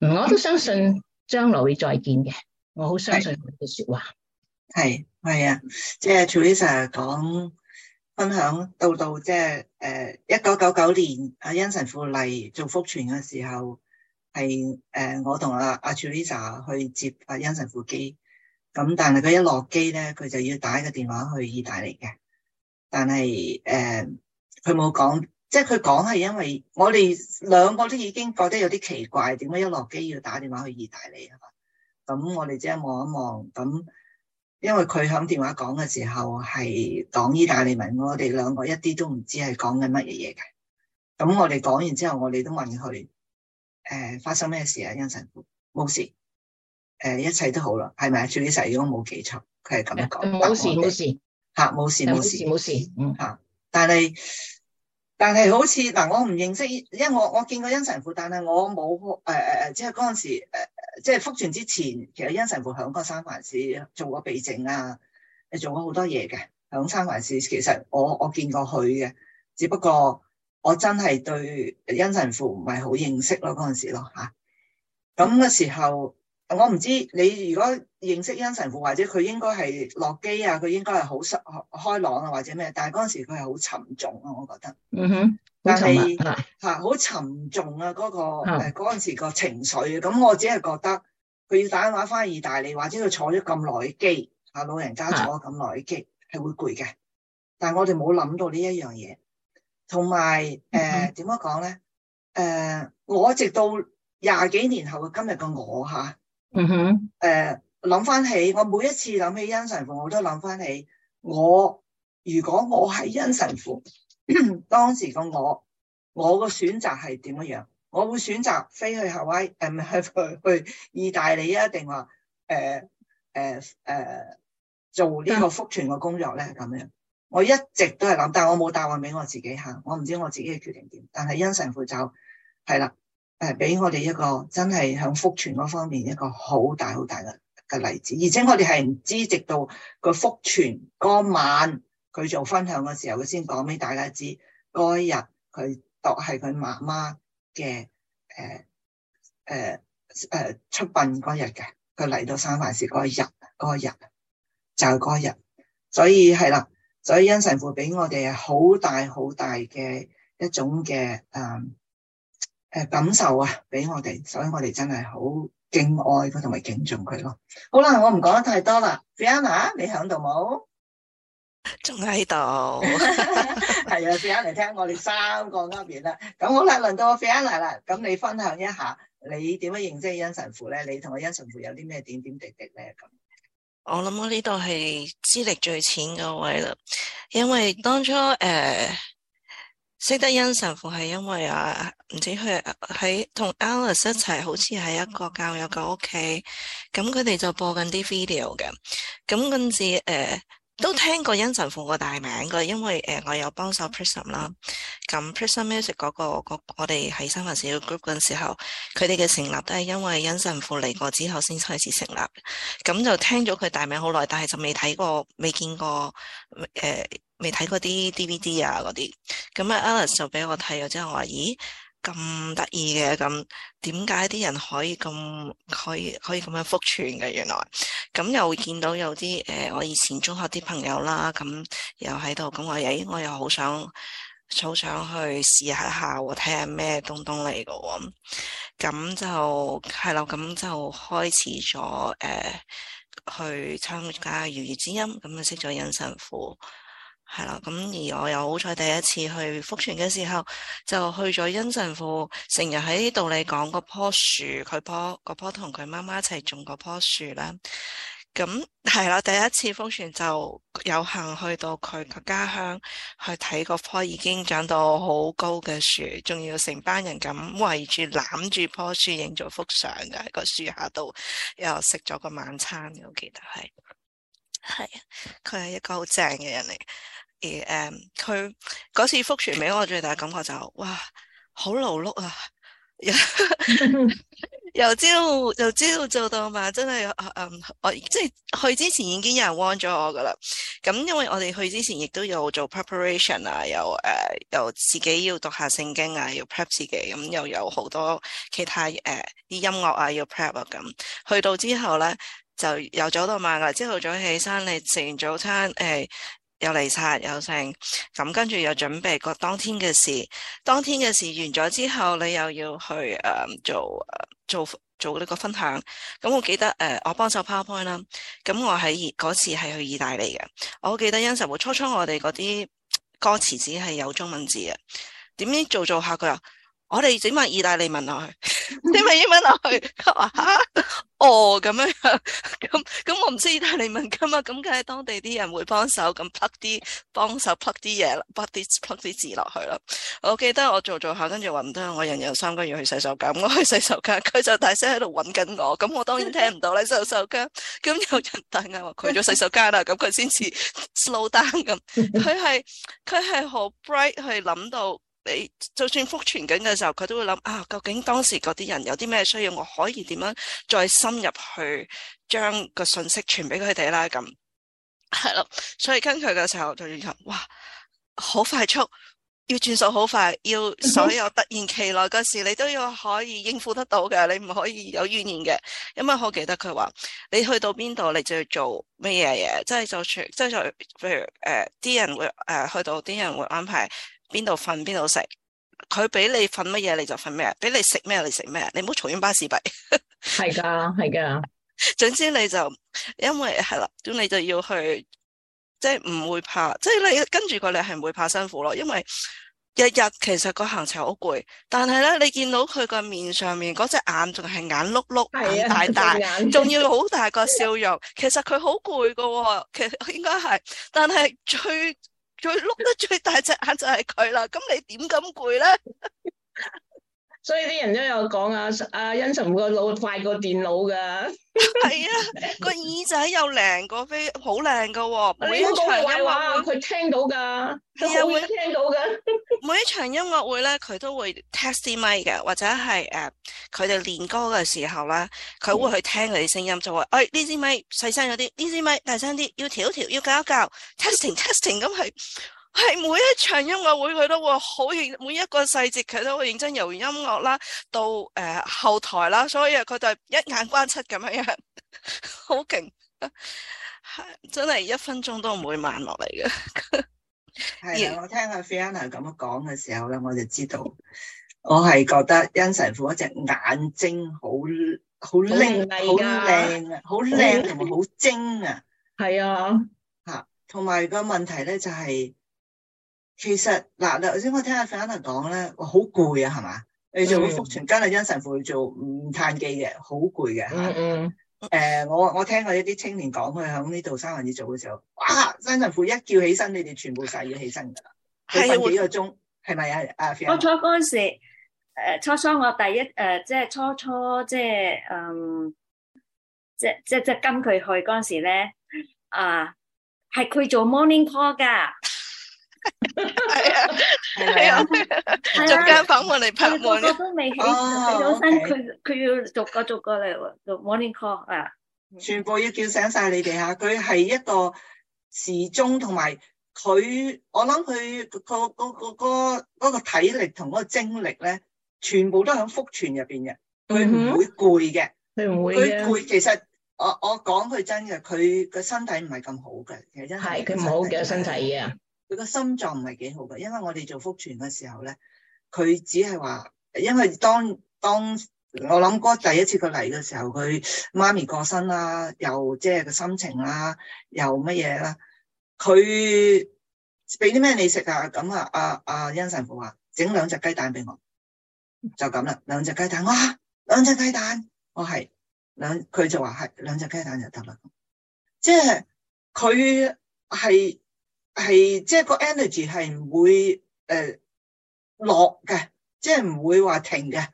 我都相信將來會再見嘅，我好相信佢嘅説話。係係啊，即、就、係、是、Trisha 講分享到到即係誒一九九九年阿恩神父嚟做福傳嘅時候。係誒，我同阿阿 Julia 去接阿恩神父機，咁但係佢一落機咧，佢就要打一個電話去意大利嘅。但係誒，佢冇講，即係佢講係因為我哋兩個都已經覺得有啲奇怪，點解一落機要打電話去意大利啊？咁我哋即係望一望，咁因為佢響電話講嘅時候係講意大利文，我哋兩個一啲都唔知係講緊乜嘢嘢嘅。咁我哋講完之後，我哋都問佢。誒、呃，發生咩事啊？恩神父冇事，誒、呃，一切都好啦，係咪啊？最晒，如果冇記錯，佢係咁樣講，冇事冇事吓，冇事冇事冇事，吓。但係但係好似嗱，我唔認識，因為我我見過恩神父，但係我冇誒誒誒，即係嗰陣時誒、呃，即係福傳之前，其實恩神父響個三環市，做過秘證啊，做過好多嘢嘅，響三環市，其實我我,我見過佢嘅，只不過。我真係對恩神父唔係好認識咯，嗰陣時咯嚇。咁、啊、嘅時候，我唔知你如果認識恩神父，或者佢應該係落機啊，佢應該係好開開朗啊，或者咩？但係嗰陣時佢係好沉重啊，我覺得。嗯哼。好沉重但係啊！好、啊、沉重、嗰個、啊！嗰個誒嗰陣時個情緒，咁我只係覺得佢要打緊電話返意大利，或者佢坐咗咁耐機嚇、啊，老人家坐咗咁耐機係、啊、會攰嘅。但係我哋冇諗到呢一樣嘢。同埋誒點樣講咧？誒、呃呃、我直到廿幾年後嘅今日嘅我嚇，嗯、啊、哼，誒諗翻起我每一次諗起恩神父，我都諗翻起我如果我係恩神父，當時嘅我，我嘅選擇係點樣？我會選擇飛去夏威誒唔係去去意大利啊，一定話誒誒誒做呢個福傳嘅工作咧？咁樣。我一直都係諗，但係我冇答案俾我自己吓，我唔知我自己嘅決定點。但係恩神父就係啦，誒俾我哋一個真係向福傳嗰方面一個好大好大嘅嘅例子。而且我哋係唔知，直到佢福傳嗰晚佢做分享嘅時候，佢先講俾大家知，嗰日佢度係佢媽媽嘅誒誒誒出殯嗰日嘅，佢嚟到三藩市嗰日，嗰日就係嗰日，所以係啦。所以恩神父俾我哋係好大好大嘅一種嘅誒誒感受啊，俾我哋，所以我哋真係好敬愛佢同埋敬重佢咯。好啦，我唔講得太多啦。Fiona，你響度冇？仲喺度？係 [LAUGHS] [LAUGHS] 啊，Fiona 轉翻嚟聽我哋三個方面啦。咁好啦，輪到我 Fiona 啦。咁你分享一下你點樣認識恩神父咧？你同我恩神父有啲咩點點滴滴咧？咁。我諗我呢度係資歷最淺嗰位啦，因為當初誒、呃、識得恩神父係因為阿唔、啊、知佢喺同 Alice 一齊，好似係一個教友嘅屋企，咁佢哋就播緊啲 video 嘅，咁跟住誒。呃都聽過恩神父個大名㗎，因為誒、呃、我有幫手 prison 啦、啊，咁 prison music 嗰、那個、那個那個、我哋喺新民小 group 嘅時候，佢哋嘅成立都係因為恩神父嚟過之後先開始成立，咁就聽咗佢大名好耐，但係就未睇過未見過，誒未睇過啲 DVD 啊嗰啲，咁啊 Alice 就俾我睇咗之後，我話咦。咁得意嘅咁，點解啲人可以咁可以可以咁樣福傳嘅？原來咁又會見到有啲誒、呃，我以前中學啲朋友啦，咁又喺度咁話，誒我、欸、我又好想好想去試下下喎，睇下咩東東嚟嘅喎。咁就係啦，咁就開始咗誒、呃，去參加如語之音，咁就識咗恩神父。係啦，咁而我又好彩，第一次去福泉嘅時候，就去咗恩神父成日喺呢度你講嗰棵樹，佢棵嗰棵同佢媽媽一齊種嗰棵樹啦。咁係啦，第一次福泉就有幸去到佢個家鄉去睇嗰棵已經長到好高嘅樹，仲要成班人咁圍住攬住棵樹影咗幅相㗎喺個樹下度，又食咗個晚餐，我記得係。係，佢係一個好正嘅人嚟。而佢嗰次復傳俾我，最大感覺就是，哇，好勞碌啊！由由朝由朝做到晚，真係誒，uh, um, 我即係去之前已經有人 warn 咗，er、我噶啦。咁因為我哋去之前亦都有做 preparation 啊，又誒，uh, 又自己要讀下聖經啊，要 prep 自己，咁又有好多其他誒啲、uh, 音樂啊，要 prep 啊。咁去到之後咧，就由早到晚啦。朝頭早起身，你食完早餐誒。Uh, 又嚟晒，又剩，咁跟住又準備個當天嘅事。當天嘅事完咗之後，你又要去誒、呃、做做做呢個分享。咁、嗯、我記得誒、呃，我幫手 PowerPoint 啦、嗯。咁我喺嗰次係去意大利嘅。我記得因時候初初我哋嗰啲歌詞紙係有中文字嘅。點知做做下佢話我哋整埋意大利文落去，整埋英文落去，佢話哦咁樣樣，咁咁我唔知意大利文噶嘛，咁梗係當，當地啲人會幫手咁 plug 啲幫手 plug 啲嘢，plug 啲 plug 啲字落去啦。我記得我做做下，跟住話唔得，我人有三個月去洗手間，我去洗手間，佢就大聲喺度搵緊我，咁我當然聽唔到啦。洗手間，咁有人大嗌話佢咗洗手間啦，咁佢先至 slow down 咁。佢係佢係好 bright 去諗到。你就算福傳緊嘅時候，佢都會諗啊，究竟當時嗰啲人有啲咩需要，我可以點樣再深入去將個信息傳俾佢哋啦？咁係咯，所以跟佢嘅時候就要求，哇，好快速，要轉數好快，要所有突然其來嘅事，你都要可以應付得到嘅，你唔可以有怨言嘅。因為我記得佢話，你去到邊度，你就要做咩嘢嘢，即係就傳、是，即係就是，譬如誒，啲、呃、人會誒、呃、去到，啲人會安排。邊度瞓邊度食，佢俾你瞓乜嘢你就瞓咩，俾你食咩你食咩，你唔好嘈冤巴士閉。係噶係噶，總之你就因為係啦，咁你就要去，即係唔會怕，即係你跟住佢，你係唔會怕辛苦咯。因為日日其實個行程好攰，但係咧你見到佢個面上面嗰隻眼仲係眼碌碌的眼大大，仲的要好大個笑容， [LAUGHS] 其實佢好攰噶，其實應該係，但係最。佢碌得最大隻眼就係佢啦，咁你點咁攰咧？ [LAUGHS] 所以啲人都有講啊，阿恩巡個腦快過電腦㗎。係 [LAUGHS] 啊，耳個耳仔又靈，個飛好靚㗎喎。每一場嘅話，佢聽到㗎，係會聽到㗎。每一場音樂會咧，佢都會 test 啲咪嘅，或者係誒佢哋練歌嘅時候咧，佢會去聽你啲聲音，就話、 [LAUGHS] 哎：，哎呢支咪細聲咗啲，呢支咪大聲啲，要調一調，要校一校，testing testing 咁去。係每一場音樂會，佢都會好認每一個細節，佢都會認真由音樂啦到誒、呃、後台啦，所以啊佢就一眼關七咁樣樣，好 [LAUGHS] 勁厲害， [LAUGHS] 真係一分鐘都唔會慢落嚟嘅。係 [LAUGHS] 我聽阿 Fiona 咁樣講嘅時候咧，我就知道我係覺得恩神父一隻眼睛好好靚，好靚，好靚同埋好精啊。係啊，吓同埋個問題咧就係、是。其實嗱，嗱、啊，頭先我聽阿 Fraser 講咧，好攰啊，係嘛？Mm hmm. 你做福傳，跟阿恩神父做唔嘆氣嘅，好攰嘅。嗯誒、mm hmm. 呃，我我聽過一啲青年講，佢響呢度三萬二做嘅時候，哇！恩神父一叫起身，你哋全部晒要起身噶啦，幾十幾個鐘，係咪的啊？阿 f 我初嗰陣時，誒、呃，初初我第一誒、呃，即係初初即係嗯，即即即跟佢去嗰陣時咧，啊，係佢做 morning call 噶。係 [LAUGHS] 啊嗎，係啊， [LAUGHS] 做間房我嚟拍門，都未起身，佢佢要逐個逐個嚟做 morning call 啊，全部要叫醒晒你哋吓，佢係一個時鐘同埋佢，我諗佢、嗰個、嗰個個個嗰體力同嗰個精力咧，全部都喺福傳入邊嘅，佢唔會攰嘅，佢唔、mm hmm. 會，佢攰其實我我講佢真嘅，佢個身體唔係咁好嘅，其實說說真係，係佢唔好嘅身體啊。佢個心臟唔係幾好嘅，因為我哋做福傳嘅時候咧，佢只係話，因為當當我諗哥哥第一次佢嚟嘅時候，佢媽咪過身啦，又即係個心情啦，又乜嘢啦，佢俾啲咩你食啊？咁啊啊啊！恩神父話整兩隻雞蛋俾我，就咁啦，兩隻雞蛋，哇、啊，兩隻雞蛋，我、哦、係兩，佢就話係兩隻雞蛋就得啦，即係佢係。係即係個 energy 係唔會誒、呃、落嘅，即係唔會話停嘅，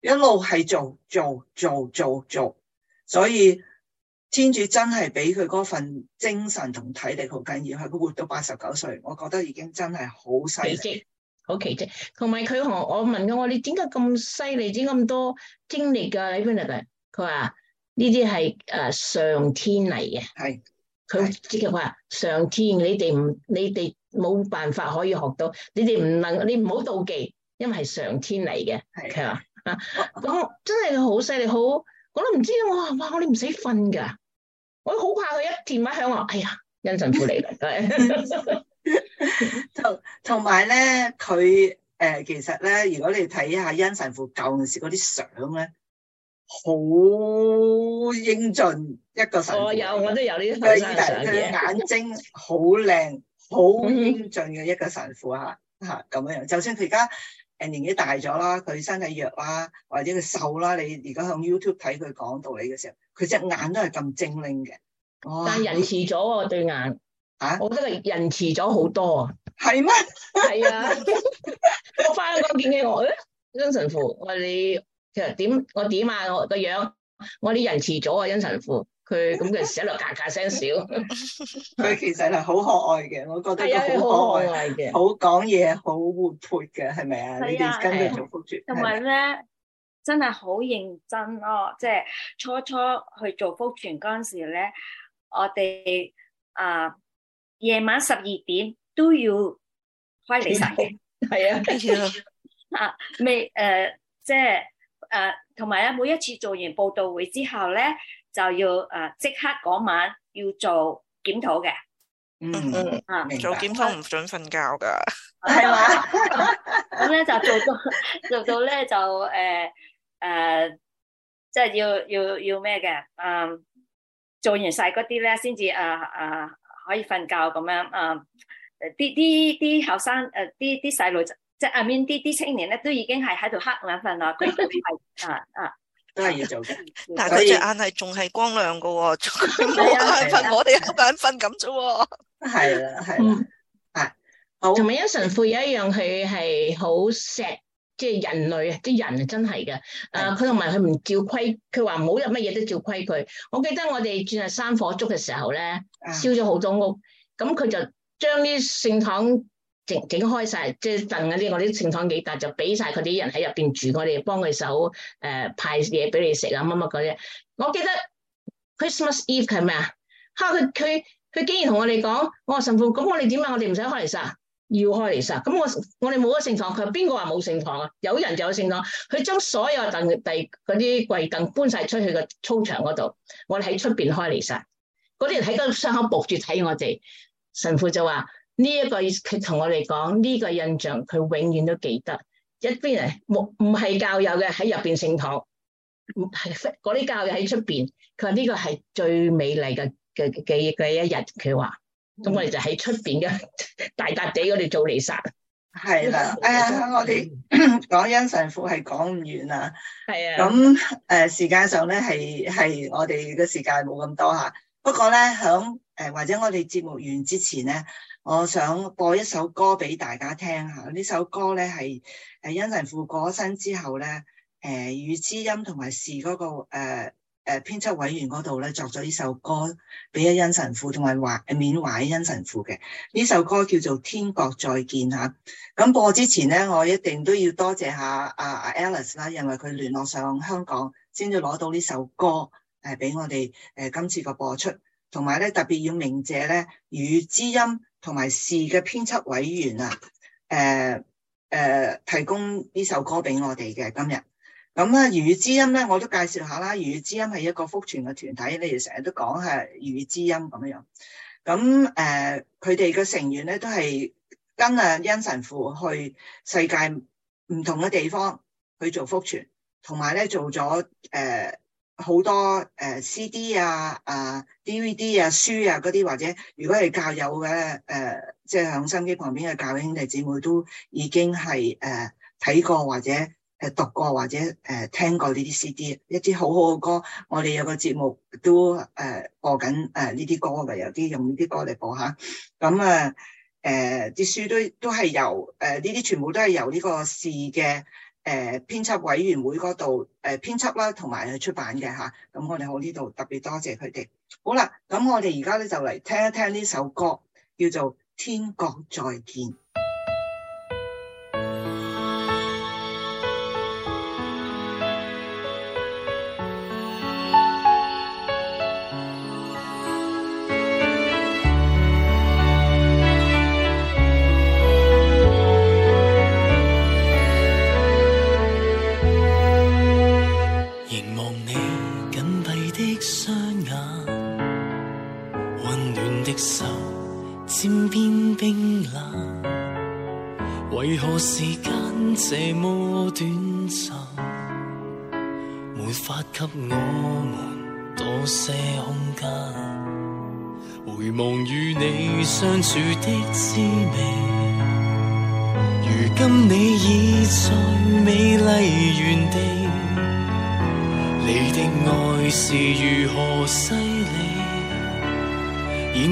一路係做做做做做。所以天主真係俾佢嗰份精神同體力好緊要，係佢活到八十九歲，我覺得已經真係好奇蹟，好奇蹟。同埋佢同我問我，我你點解咁犀利？點解咁多精力噶喺邊度？佢話呢啲係誒上天嚟嘅。係。佢即刻話上天你，你哋唔，你哋冇辦法可以學到，你哋唔能，你唔好妒忌，因為係上天嚟嘅。係啊，啊，咁真係佢好犀利，好我都唔知我話哇，哇，你唔使瞓噶，我好怕佢一電話響我。」哎呀，恩神父嚟啦，同同埋咧，佢誒、呃，其實咧，如果你睇下恩神父舊時嗰啲相咧。好英俊一個神父，我、哦、有，我都有呢啲。佢嘅眼睛好靚，好 [LAUGHS] 英俊嘅一個神父啊，吓咁樣樣。就算佢而家誒年紀大咗啦，佢身體弱啦，或者佢瘦啦，你而家向 YouTube 睇佢講道理嘅時候，佢隻眼都係咁精靈嘅。哦，但係人遲咗喎對眼啊！我覺得係人遲咗好多是嗎 [LAUGHS] 是啊。係 [LAUGHS] 咩？係啊！我翻香港見起我，呢張神父，我話你。其實點我點啊？我個樣，我啲人遲早啊！恩神父佢咁佢寫落咔咔聲少，佢其實係好可愛嘅，我覺得佢好可愛嘅，好講嘢，好活潑嘅，係咪啊？你哋跟住做福傳，同埋咧真係好認真咯。即係初初去做福傳嗰陣時咧，我哋啊夜晚十二點都要開嚟晒嘅，係啊，呃、啊未誒、呃啊呃、即係。啊嗯呃誒，同埋咧，每一次做完報道會之後咧，就要誒即、uh, 刻嗰晚要做檢討嘅、嗯。 [NOISE] 嗯嗯，嗯、呃。啊，做檢討唔准瞓覺㗎。係嘛？咁咧就做到做做咧就誒誒，即係要要要咩嘅？嗯，做完晒嗰啲咧，先至誒誒可以瞓覺咁樣。啊、uh,，啲啲啲後生誒，啲啲細路就。即係阿 m 啲啲青年咧，都已經係喺度瞌眼瞓啦，哦。佢唔係啊啊，都係要做嘅。但係佢隻眼係仲係光亮噶喎，唔瞌眼瞓，我哋瞌眼瞓咁啫。係啦，係啦。啊，同埋、啊啊、 [LAUGHS] 一神父有一樣，佢係好錫，即、就、係、是、人類、就是、人是啊，啲人啊真係噶。誒，佢同埋佢唔照規，佢話唔好有乜嘢都照規佢。我記得我哋轉係生火燭嘅時候咧，燒咗好多屋，咁佢就將啲聖堂。整整開曬，即係凳嗰啲，我啲聖堂幾大，就俾晒佢啲人喺入邊住，我哋幫佢手誒派嘢俾你食啊，乜乜嗰啲。我記得 Christmas Eve 係咩啊？嚇佢佢佢竟然同我哋講，我話神父，咁我哋點解？我哋唔使開彌撒？要開彌撒？咁我我哋冇咗聖堂，佢邊個話冇聖堂啊？有人就有聖堂。佢將所有凳第嗰啲跪凳搬晒出去個操場嗰度，我哋喺出邊開彌撒。嗰啲人喺個窗口矇住睇我哋，神父就話。呢一個佢同我哋講，呢個印象佢永遠都記得。一邊嚟冇唔係教友嘅喺入邊聖堂，嗰啲教友喺出邊。佢話呢個係最美麗嘅嘅嘅嘅一日。佢話，咁我哋就喺出邊嘅大笪地做，我哋做彌撒。係啦，哎呀，我哋講恩神父係講唔完啊。係啊的，咁誒時間上咧係係我哋嘅時間冇咁多嚇。不過咧，響誒或者我哋節目完之前咧。我想播一首歌俾大家聽吓，呢首歌咧係誒恩神父過身之後咧，誒、呃、宇之音同埋是嗰個誒誒編輯委員嗰度咧作咗呢首歌俾阿恩神父同埋懷緬懷阿恩神父嘅呢首歌叫做《天國再見》吓。咁播之前咧，我一定都要多謝下阿阿 Alice 啦，因為佢聯絡上香港先至攞到呢首歌誒俾我哋誒今次個播出，同埋咧特別要鳴謝咧宇之音。同埋事嘅編輯委員啊，誒、呃、誒、呃、提供呢首歌俾我哋嘅今日。咁咧粵語之音咧，我都介紹下啦。粵、呃、語之音係一個福傳嘅團體，你哋成日都講係粵語之音咁樣。咁、呃、誒，佢哋嘅成員咧都係跟啊恩神父去世界唔同嘅地方去做福傳，同埋咧做咗誒。呃好多誒 CD 啊、啊 DVD 啊、書啊嗰啲，或者如果係教友嘅誒，即係響收音機旁邊嘅教兄弟姊妹都已經係誒睇過，或者誒讀過，或者誒、呃、聽過呢啲 CD，一啲好好嘅歌，我哋有個節目都誒、呃、播緊誒呢啲歌㗎，有啲用呢啲歌嚟播嚇。咁啊誒啲書都都係由誒呢啲全部都係由呢個市嘅。誒，編輯、呃、委員會嗰度誒，編、呃、輯啦，同埋出版嘅吓，咁、啊、我哋喺呢度特別多謝佢哋。好啦，咁我哋而家咧就嚟聽一聽呢首歌，叫做《天國再見》。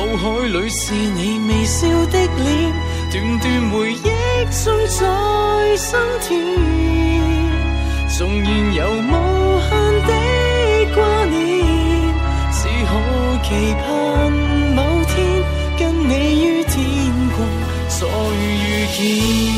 腦海裏是你微笑的臉，段段回憶盡在心田，縱然有無限的掛念，只可期盼某天，跟你於天國再遇見。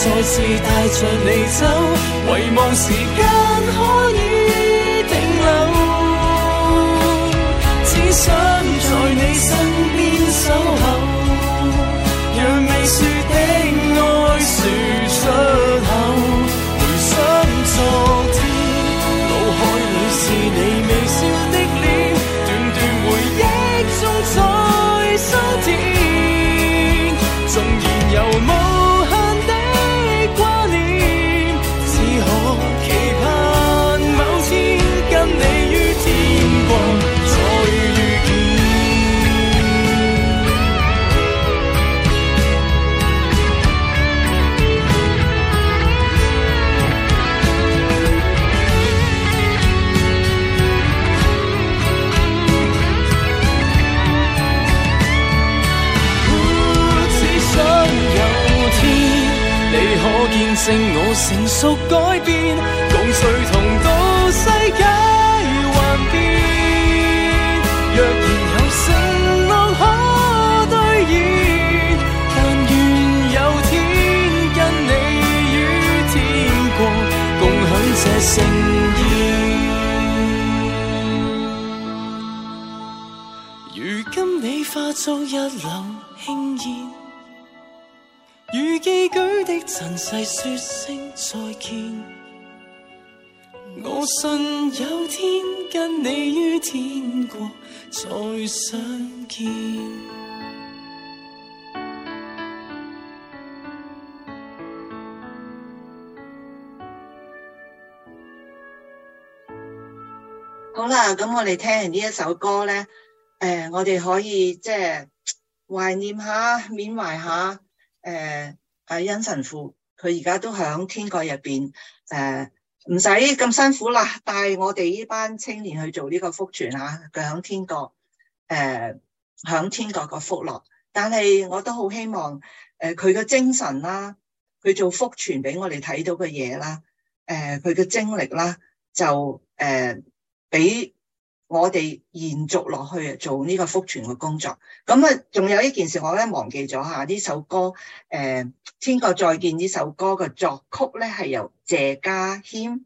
再次帶着你走，遺望時間可以。好啦，咁我哋聽完呢一首歌咧誒、呃，我哋可以即係懷念下、緬懷下，誒、呃，阿恩神父佢而家都響天國入邊，誒、呃，唔使咁辛苦啦，帶我哋呢班青年去做呢個福傳啊，佢響天國，誒、呃，響天國個福樂。但係我都好希望，誒、呃，佢個精神啦，佢做福傳俾我哋睇到嘅嘢啦，誒、呃，佢嘅精力啦，就誒。呃俾我哋延續落去做呢個福傳嘅工作。咁啊，仲有一件事，我咧忘記咗吓。呢首歌誒、呃，《千個再見》呢首歌嘅作曲咧係由謝家謙，誒、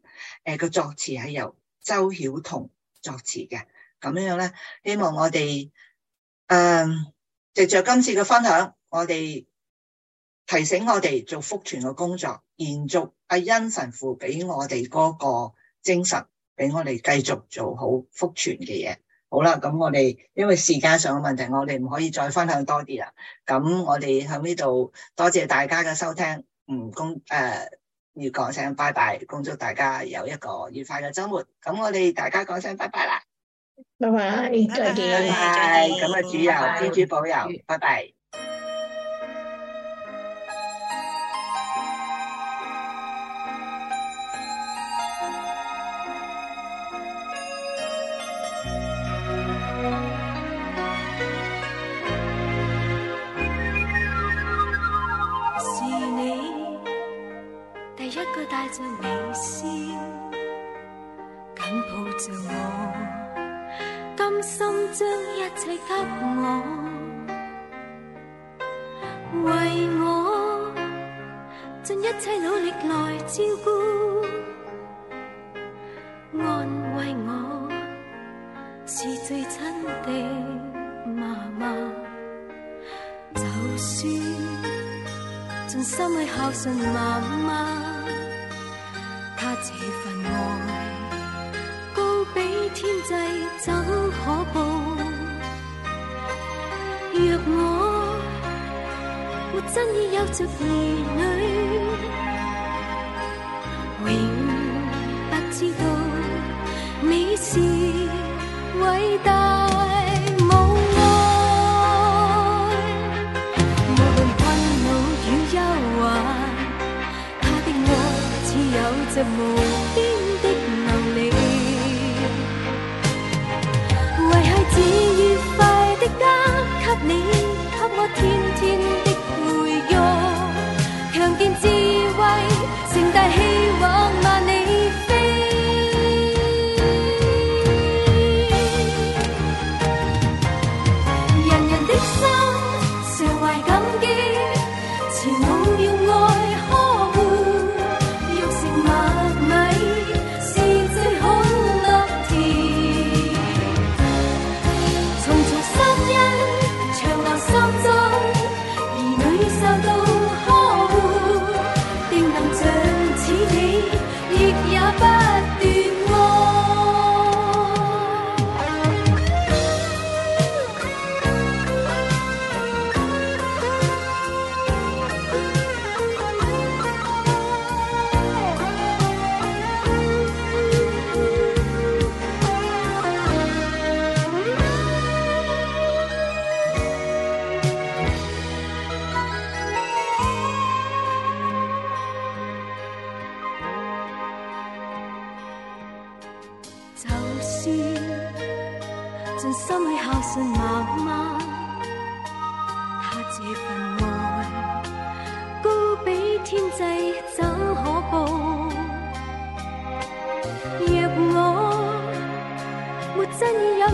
呃、個作詞係由周曉彤作詞嘅。咁樣樣咧，希望我哋誒，藉、呃、着今次嘅分享，我哋提醒我哋做福傳嘅工作，延續阿恩神父俾我哋嗰個精神。俾我哋繼續做好复傳嘅嘢。好啦，咁我哋因為時間上嘅問題，我哋唔可以再分享多啲啦。咁我哋喺呢度多謝大家嘅收聽，唔、嗯、公、誒，要講聲拜拜，恭祝大家有一個愉快嘅周末。咁我哋大家講聲拜拜啦，拜拜，bye, 拜拜再見，拜拜。咁啊，主佑，天主保佑，拜拜。將微笑緊抱着我，甘心將一切給我，為我盡一切努力來照顧，安慰我是最親的媽媽。就算盡心去孝順媽媽。這份愛高比天際，怎可報？若我我真已有着兒女。